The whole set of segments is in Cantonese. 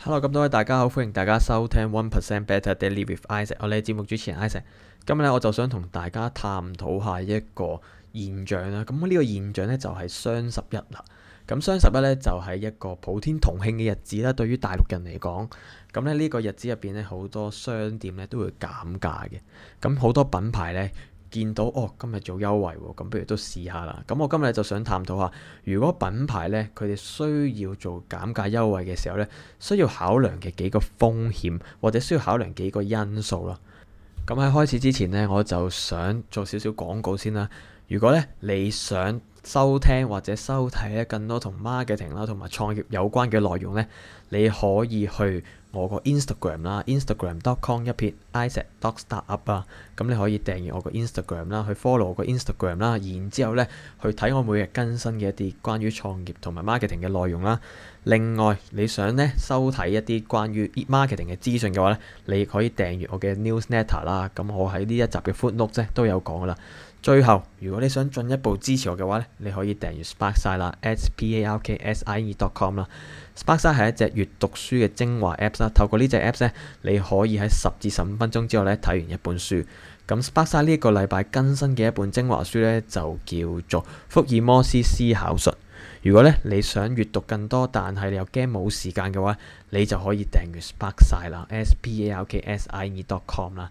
Hello，咁多位大家好，歡迎大家收聽 One Percent Better Daily with Isaac，我、哦、係節目主持人 Isaac，今日咧我就想同大家探討一下一個現象啦，咁呢個現象咧就係、是、雙十一啦，咁雙十一咧就係、是、一個普天同慶嘅日子啦，對於大陸人嚟講，咁咧呢個日子入邊咧好多商店咧都會減價嘅，咁好多品牌咧。見到哦，今日做優惠喎、哦，咁不如都試下啦。咁我今日就想探討下，如果品牌呢，佢哋需要做減價優惠嘅時候呢，需要考量嘅幾個風險或者需要考量幾個因素啦。咁喺開始之前呢，我就想做少少廣告先啦。如果呢，你想收聽或者收睇咧更多同 marketing 啦同埋創業有關嘅內容咧，你可以去我個 Instagram 啦，instagram.com 一片 isaac dot startup 啊，咁你可以訂閱我個 Instagram 啦，去 follow 我個 Instagram 啦，然之後咧去睇我每日更新嘅一啲關於創業同埋 marketing 嘅內容啦。另外，你想咧收睇一啲關於 marketing 嘅資訊嘅話咧，你可以訂閱我嘅 newsletter 啦。咁我喺呢一集嘅 footnote 咧都有講噶啦。最後，如果你想進一步支持我嘅話咧，你可以訂閱 Sparksie 啦，s p a r k s i e dot com 啦。Sparksie 係一隻閱讀書嘅精華 apps 啦。透過呢隻 apps 咧，你可以喺十至十五分鐘之後咧睇完一本書。咁 Sparksie 呢一個禮拜更新嘅一本精華書咧，就叫做《福爾摩斯思考術》。如果咧你想閱讀更多，但係你又驚冇時間嘅話，你就可以訂閱 Sparksie 啦，s p a r k s i e dot com 啦。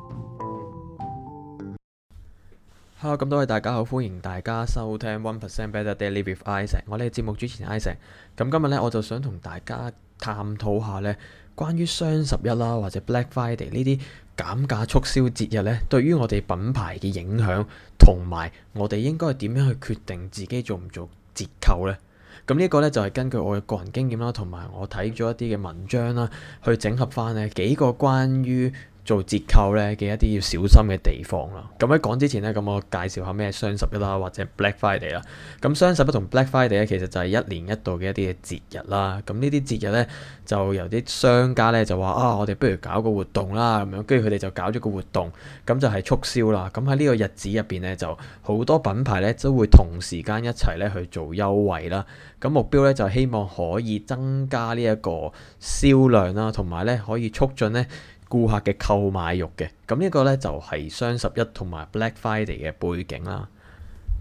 Hello，咁多位大家好，歡迎大家收聽 One Percent Better Daily with Isaac。我哋節目主持人 Isaac。咁今日咧，我就想同大家探討下咧，關於雙十一啦，或者 Black Friday 呢啲減價促銷節日咧，對於我哋品牌嘅影響，同埋我哋應該點樣去決定自己做唔做折扣咧？咁、這個、呢個咧就係、是、根據我嘅個人經驗啦，同埋我睇咗一啲嘅文章啦，去整合翻呢幾個關於。做折扣咧嘅一啲要小心嘅地方啦。咁喺講之前咧，咁我介紹下咩雙十一啦，或者 Black Friday 啦。咁雙十一同 Black Friday 咧，其實就係一年一度嘅一啲嘅節日啦。咁呢啲節日咧，就由啲商家咧就話啊，我哋不如搞個活動啦，咁樣跟住佢哋就搞咗個活動，咁就係促銷啦。咁喺呢個日子入邊咧，就好多品牌咧都會同時間一齊咧去做優惠啦。咁目標咧就希望可以增加呢一個銷量啦，同埋咧可以促進咧。顧客嘅購買欲嘅，咁、這、呢個呢就係雙十一同埋 Black Friday 嘅背景啦。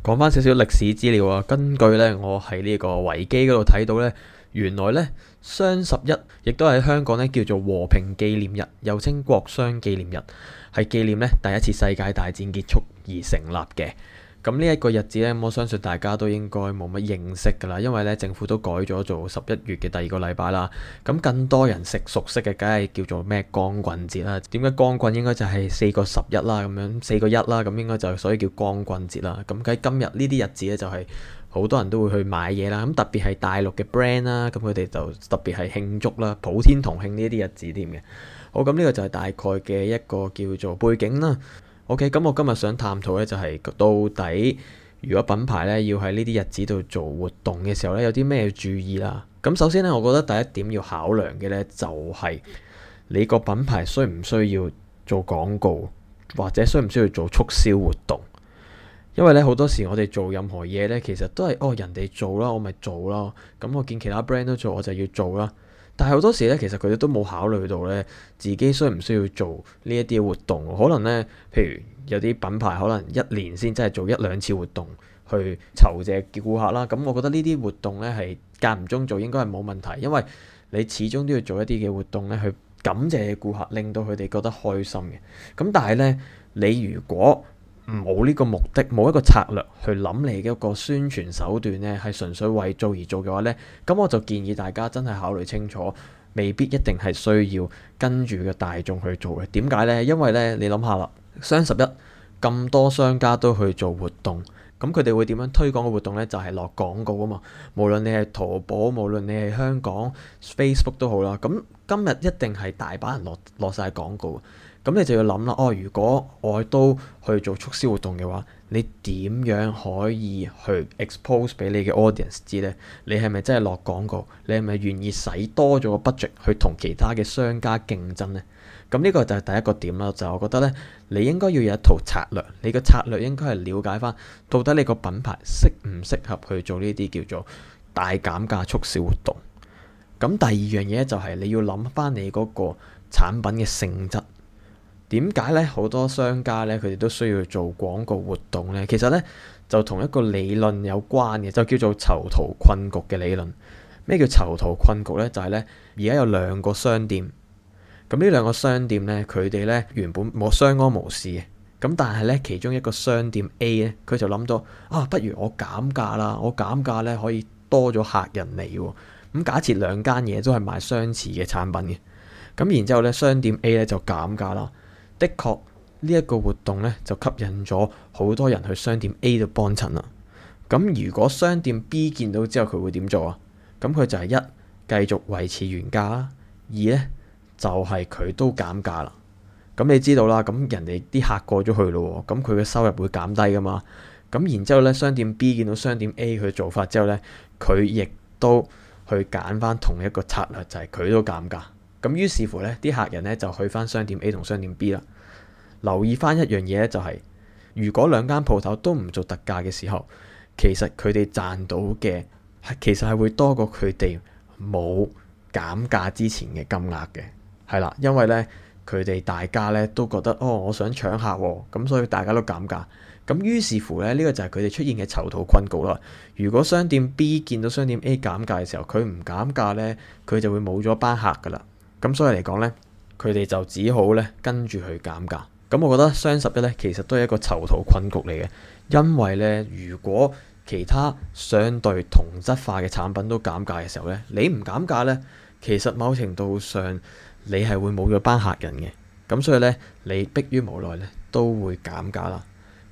講返少少歷史資料啊，根據呢，我喺呢個維基嗰度睇到呢，原來呢，雙十一亦都喺香港呢叫做和平紀念日，又稱國殤紀念日，係紀念呢第一次世界大戰結束而成立嘅。咁呢一個日子呢，我相信大家都應該冇乜認識噶啦，因為呢政府都改咗做十一月嘅第二個禮拜啦。咁更多人食熟悉嘅，梗係叫做咩光棍節啦。點解光棍應該就係四個十一啦？咁樣四個一啦、就係，咁應該就所以叫光棍節啦。咁喺今日呢啲日子呢，就係、係、好多人都會去買嘢啦。咁特別係大陸嘅 brand 啦，咁佢哋就特別係慶祝啦，普天同慶呢啲日子添嘅。好，咁呢個就係大概嘅一個叫做背景啦。OK，咁我今日想探討咧，就係到底如果品牌咧要喺呢啲日子度做活動嘅時候咧，有啲咩注意啦？咁首先咧，我覺得第一點要考量嘅咧，就係你個品牌需唔需要做廣告，或者需唔需要做促銷活動？因為咧好多時我哋做任何嘢咧，其實都係哦人哋做啦，我咪做咯。咁我見其他 brand 都做，我就要做啦。但係好多時咧，其實佢哋都冇考慮到咧，自己需唔需要做呢一啲活動？可能咧，譬如有啲品牌可能一年先真係做一兩次活動去酬謝顧客啦。咁、嗯、我覺得呢啲活動咧係間唔中做應該係冇問題，因為你始終都要做一啲嘅活動咧去感謝顧客，令到佢哋覺得開心嘅。咁、嗯、但係咧，你如果冇呢個目的，冇一個策略去諗你嘅一個宣傳手段呢，係純粹為做而做嘅話呢，咁我就建議大家真係考慮清楚，未必一定係需要跟住嘅大眾去做嘅。點解呢？因為呢，你諗下啦，雙十一咁多商家都去做活動。咁佢哋會點樣推廣嘅活動呢？就係落廣告啊嘛！無論你係淘寶，無論你係香港 Facebook 都好啦。咁今日一定係大把人落落曬廣告。咁你就要諗啦。哦，如果我都去做促銷活動嘅話，你點樣可以去 expose 俾你嘅 audience 知呢？你係咪真係落廣告？你係咪願意使多咗個 budget 去同其他嘅商家競爭呢？咁呢個就係第一個點啦，就我覺得咧，你應該要有一套策略，你嘅策略應該係了解翻，到底你個品牌適唔適合去做呢啲叫做大減價促銷活動。咁第二樣嘢就係你要諗翻你嗰個產品嘅性質。點解咧？好多商家咧，佢哋都需要做廣告活動咧。其實咧，就同一個理論有關嘅，就叫做囚徒困局嘅理論。咩叫囚徒困局咧？就係咧，而家有兩個商店。咁呢兩個商店咧，佢哋咧，原本冇相安無事嘅。咁但係咧，其中一個商店 A 咧，佢就諗咗啊，不如我減價啦。我減價咧，可以多咗客人嚟喎。咁假設兩間嘢都係賣相似嘅產品嘅。咁然之後咧，商店 A 咧就減價啦。的確呢一個活動咧就吸引咗好多人去商店 A 度幫襯啦。咁如果商店 B 見到之後，佢會點做啊？咁佢就係一繼續維持原價啦。二咧。就係佢都減價啦，咁你知道啦，咁人哋啲客過咗去咯，咁佢嘅收入會減低噶嘛？咁然之後呢，商店 B 見到商店 A 佢做法之後呢，佢亦都去揀翻同一個策略，就係佢都減價。咁於是乎呢啲客人呢，就去翻商店 A 同商店 B 啦。留意翻一樣嘢呢，就係如果兩間鋪頭都唔做特價嘅時候，其實佢哋賺到嘅，其實係會多過佢哋冇減價之前嘅金額嘅。係啦，因為咧，佢哋大家咧都覺得哦，我想搶客，咁所以大家都減價。咁於是乎咧，呢個就係佢哋出現嘅囚徒困局啦。如果商店 B 見到商店 A 減價嘅時候，佢唔減價咧，佢就會冇咗班客噶啦。咁所以嚟講咧，佢哋就只好咧跟住去減價。咁我覺得雙十一咧，其實都係一個囚徒困局嚟嘅，因為咧，如果其他相對同質化嘅產品都減價嘅時候咧，你唔減價咧，其實某程度上。你係會冇咗班客人嘅，咁所以咧，你迫於無奈咧，都會減價啦。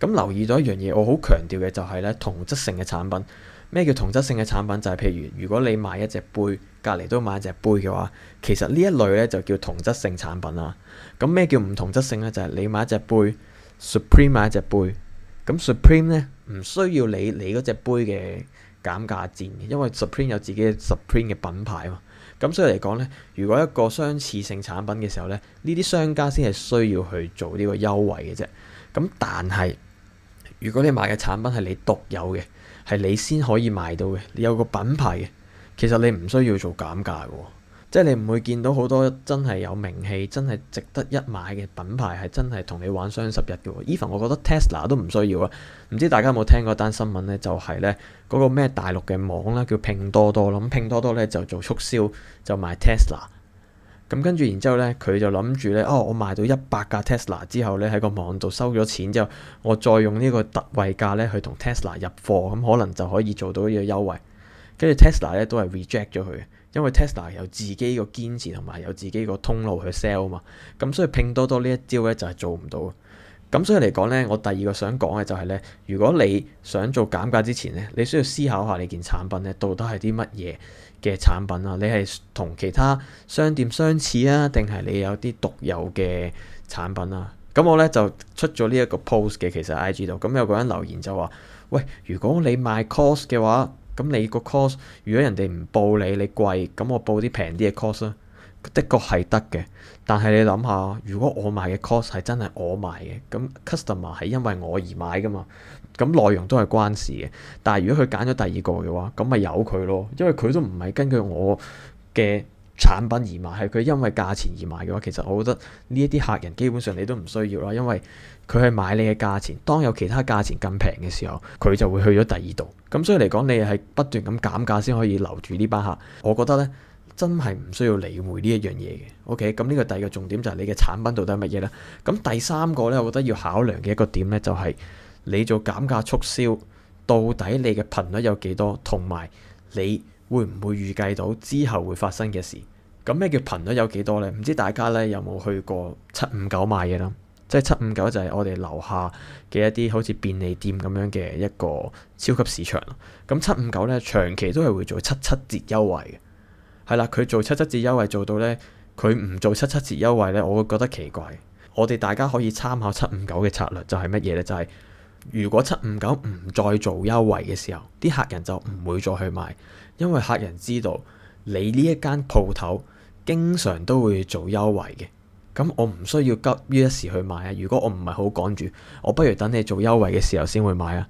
咁留意咗一樣嘢，我好強調嘅就係咧，同質性嘅產品。咩叫同質性嘅產品？就係、是、譬如如果你買一隻杯，隔離都買一隻杯嘅話，其實呢一類咧就叫同質性產品啦。咁咩叫唔同質性咧？就係、是、你買一隻杯，Supreme 買一隻杯，咁 Supreme 咧唔需要你你嗰隻杯嘅減價戰，因為 Supreme 有自己嘅 Supreme 嘅品牌啊嘛。咁所以嚟講咧，如果一個相似性產品嘅時候咧，呢啲商家先係需要去做呢個優惠嘅啫。咁但係如果你買嘅產品係你獨有嘅，係你先可以買到嘅，你有個品牌嘅，其實你唔需要做減價喎。即係你唔會見到好多真係有名氣、真係值得一買嘅品牌係真係同你玩雙十日嘅喎。Even 我覺得 Tesla 都唔需要啊。唔知大家有冇聽過單新聞咧？就係咧嗰個咩大陸嘅網啦，叫拼多多咯。咁拼多多咧就做促銷就賣 Tesla。咁跟住然之後咧佢就諗住咧哦，我賣到一百架 Tesla 之後咧喺個網度收咗錢之後，我再用呢個特惠價咧去同 Tesla 入貨，咁可能就可以做到呢個優惠。跟住 Tesla 咧都係 reject 咗佢。因為 Tesla 有自己個堅持同埋有自己個通路去 sell 嘛，咁所以拼多多呢一招咧就係做唔到，咁所以嚟講咧，我第二個想講嘅就係咧，如果你想做減價之前咧，你需要思考下你件產品咧到底係啲乜嘢嘅產品啊，你係同其他商店相似啊，定係你有啲獨有嘅產品啊？咁我咧就出咗呢一個 post 嘅，其實 IG 度，咁有個人留言就話：喂，如果你賣 cost 嘅話。咁你個 course 如果人哋唔報你，你貴，咁我報啲平啲嘅 course 咧，的確係得嘅。但係你諗下，如果我賣嘅 course 係真係我賣嘅，咁 customer 係因為我而買噶嘛？咁內容都係關事嘅。但係如果佢揀咗第二個嘅話，咁咪由佢咯，因為佢都唔係根據我嘅產品而買，係佢因為價錢而買嘅話，其實我覺得呢一啲客人基本上你都唔需要啦，因為。佢係買你嘅價錢，當有其他價錢咁平嘅時候，佢就會去咗第二度。咁所以嚟講，你係不斷咁減價先可以留住呢班客。我覺得呢，真係唔需要理會呢一樣嘢嘅。OK，咁呢個第二個重點就係你嘅產品到底係乜嘢啦。咁第三個呢，我覺得要考量嘅一個點呢，就係你做減價促銷，到底你嘅頻率有幾多，同埋你會唔會預計到之後會發生嘅事？咁咩叫頻率有幾多呢？唔知大家呢，有冇去過七五九買嘢啦？即係七五九就係我哋樓下嘅一啲好似便利店咁樣嘅一個超級市場。咁七五九咧長期都係會做七七折優惠嘅，係啦，佢做七七折優惠做到咧，佢唔做七七折優惠咧，我會覺得奇怪。我哋大家可以參考七五九嘅策略就係乜嘢咧？就係如果七五九唔再做優惠嘅時候，啲客人就唔會再去買，因為客人知道你呢一間鋪頭經常都會做優惠嘅。咁我唔需要急於一時去買啊！如果我唔係好趕住，我不如等你做優惠嘅時候先會買啊。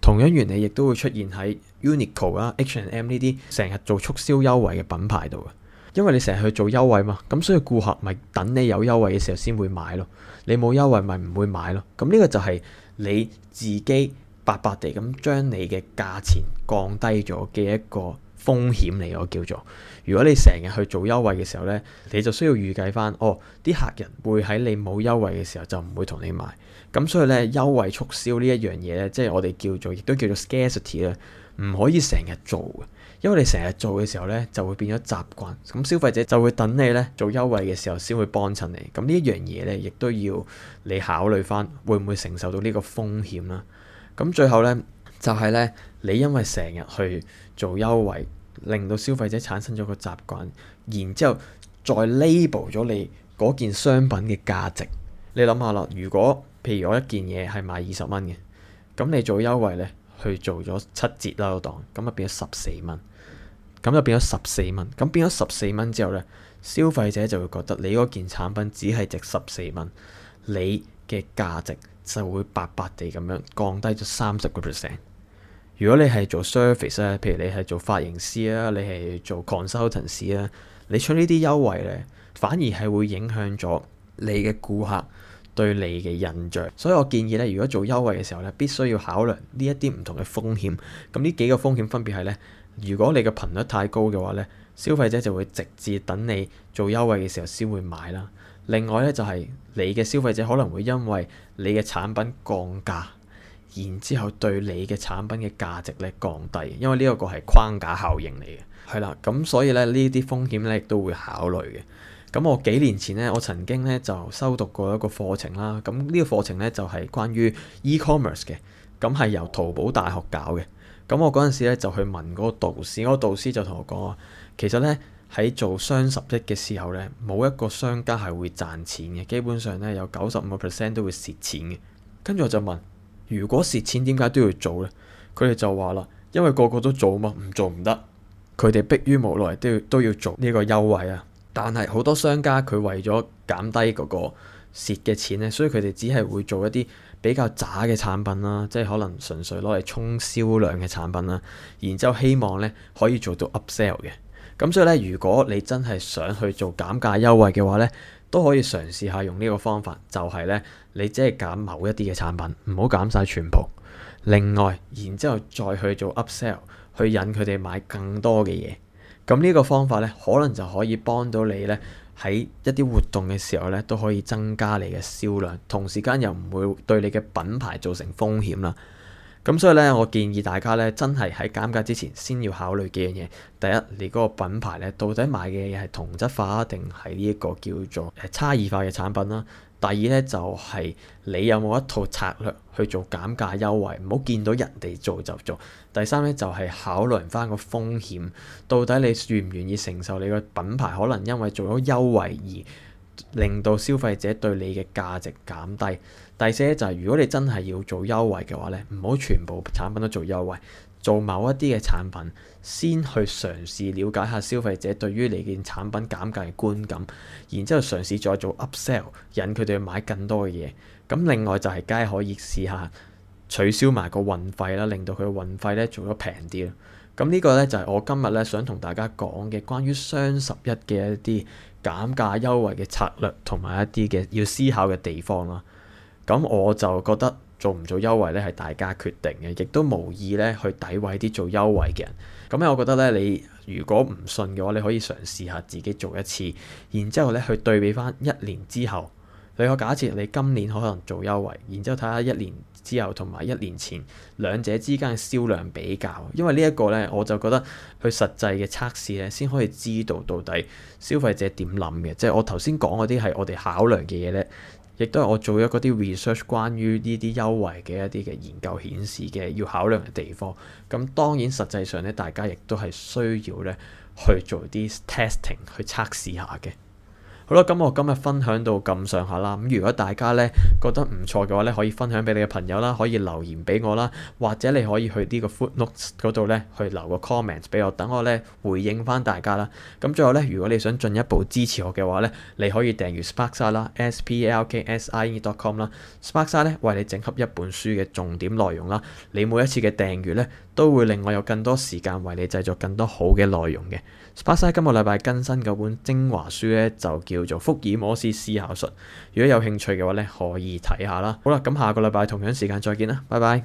同樣原理亦都會出現喺 Uniqlo 啦、H&M 呢啲成日做促銷優惠嘅品牌度啊。因為你成日去做優惠嘛，咁所以顧客咪等你有優惠嘅時候先會買咯。你冇優惠咪唔會買咯。咁呢個就係你自己白白地咁將你嘅價錢降低咗嘅一個風險嚟，我叫做。如果你成日去做優惠嘅時候呢，你就需要預計翻，哦，啲客人會喺你冇優惠嘅時候就唔會同你買。咁所以呢，優惠促銷呢一樣嘢呢，即係我哋叫做，亦都叫做 scarcity 啦，唔可以成日做嘅。因為你成日做嘅時候呢，就會變咗習慣，咁消費者就會等你呢，做優惠嘅時候先會幫襯你。咁呢一樣嘢呢，亦都要你考慮翻，會唔會承受到呢個風險啦？咁最後呢，就係呢，你因為成日去做優惠，令到消費者產生咗個習慣，然之後再 label 咗你嗰件商品嘅價值。你諗下啦，如果譬如我一件嘢係賣二十蚊嘅，咁你做優惠呢，去做咗七折啦，個檔咁啊變咗十四蚊，咁就變咗十四蚊。咁變咗十四蚊之後呢，消費者就會覺得你嗰件產品只係值十四蚊，你嘅價值就會白白地咁樣降低咗三十個 percent。如果你係做 service 咧，譬如你係做髮型師啦，你係做 consultants 啦，你出呢啲優惠咧，反而係會影響咗你嘅顧客對你嘅印象。所以我建議咧，如果做優惠嘅時候咧，必須要考慮呢一啲唔同嘅風險。咁呢幾個風險分別係咧，如果你嘅頻率太高嘅話咧，消費者就會直接等你做優惠嘅時候先會買啦。另外咧就係、是、你嘅消費者可能會因為你嘅產品降價。然之後對你嘅產品嘅價值咧降低，因為呢一個係框架效應嚟嘅，係啦。咁所以咧呢啲風險咧亦都會考慮嘅。咁我幾年前咧，我曾經咧就修讀過一個課程啦。咁呢個課程咧就係、是、關於 e-commerce 嘅，咁係由淘寶大學搞嘅。咁我嗰陣時咧就去問嗰個導師，我、那個、導師就同我講啊，其實咧喺做雙十一嘅時候咧，冇一個商家係會賺錢嘅，基本上咧有九十五個 percent 都會蝕錢嘅。跟住我就問。如果蝕錢點解都要做呢？佢哋就話啦，因為個個都做嘛，唔做唔得。佢哋迫於無奈都要都要做呢個優惠啊！但係好多商家佢為咗減低嗰個蝕嘅錢呢，所以佢哋只係會做一啲比較渣嘅產品啦，即係可能純粹攞嚟衝銷量嘅產品啦。然之後希望呢可以做到 upsell 嘅。咁所以呢，如果你真係想去做減價優惠嘅話呢，都可以嘗試下用呢個方法，就係咧，你只係減某一啲嘅產品，唔好減晒全部。另外，然之後再去做 Upsell，去引佢哋買更多嘅嘢。咁呢個方法咧，可能就可以幫到你咧，喺一啲活動嘅時候咧，都可以增加你嘅銷量，同時間又唔會對你嘅品牌造成風險啦。咁所以咧，我建議大家咧，真係喺減價之前，先要考慮幾樣嘢。第一，你嗰個品牌咧，到底賣嘅嘢係同質化定係呢一個叫做差異化嘅產品啦。第二咧，就係你有冇一套策略去做減價優惠，唔好見到人哋做就做。第三咧，就係考慮翻個風險，到底你願唔願意承受你個品牌可能因為做咗優惠而令到消費者對你嘅價值減低。第四咧就係，如果你真係要做優惠嘅話咧，唔好全部產品都做優惠，做某一啲嘅產品先去嘗試了解下消費者對於你件產品減價嘅觀感，然之後嘗試再做 Upsell，引佢哋去買更多嘅嘢。咁另外就係梗係可以試下取消埋個運費啦，令到佢運費咧做得平啲。咁呢個呢，就係我今日呢想同大家講嘅關於雙十一嘅一啲減價優惠嘅策略同埋一啲嘅要思考嘅地方啦。咁我就覺得做唔做優惠呢係大家決定嘅，亦都無意呢去詆毀啲做優惠嘅人。咁咧，我覺得呢，你如果唔信嘅話，你可以嘗試下自己做一次，然之後呢去對比翻一年之後。你個假設你今年可能做優惠，然之後睇下一年。之後同埋一年前兩者之間嘅銷量比較，因為呢一個呢，我就覺得去實際嘅測試呢，先可以知道到底消費者點諗嘅。即係我頭先講嗰啲係我哋考量嘅嘢呢，亦都係我做咗嗰啲 research 關於呢啲優惠嘅一啲嘅研究顯示嘅要考量嘅地方。咁當然實際上呢，大家亦都係需要呢去做啲 testing 去測試下嘅。好啦，咁我今日分享到咁上下啦。咁如果大家咧覺得唔錯嘅話咧，可以分享俾你嘅朋友啦，可以留言俾我啦，或者你可以去個呢個 Footnotes 嗰度咧，去留個 comment 俾我，等我咧回應翻大家啦。咁最後咧，如果你想進一步支持我嘅話咧，你可以訂閱 Sparksine 啦，sparksine dot com 啦。Sparksine 咧為你整合一本書嘅重點內容啦。你每一次嘅訂閱咧，都會令我有更多時間為你製作更多好嘅內容嘅。Sparksine 今個禮拜更新嗰本精華書咧，就叫。叫做福爾摩斯思考術，如果有興趣嘅話咧，可以睇下啦。好啦，咁下個禮拜同樣時間再見啦，拜拜。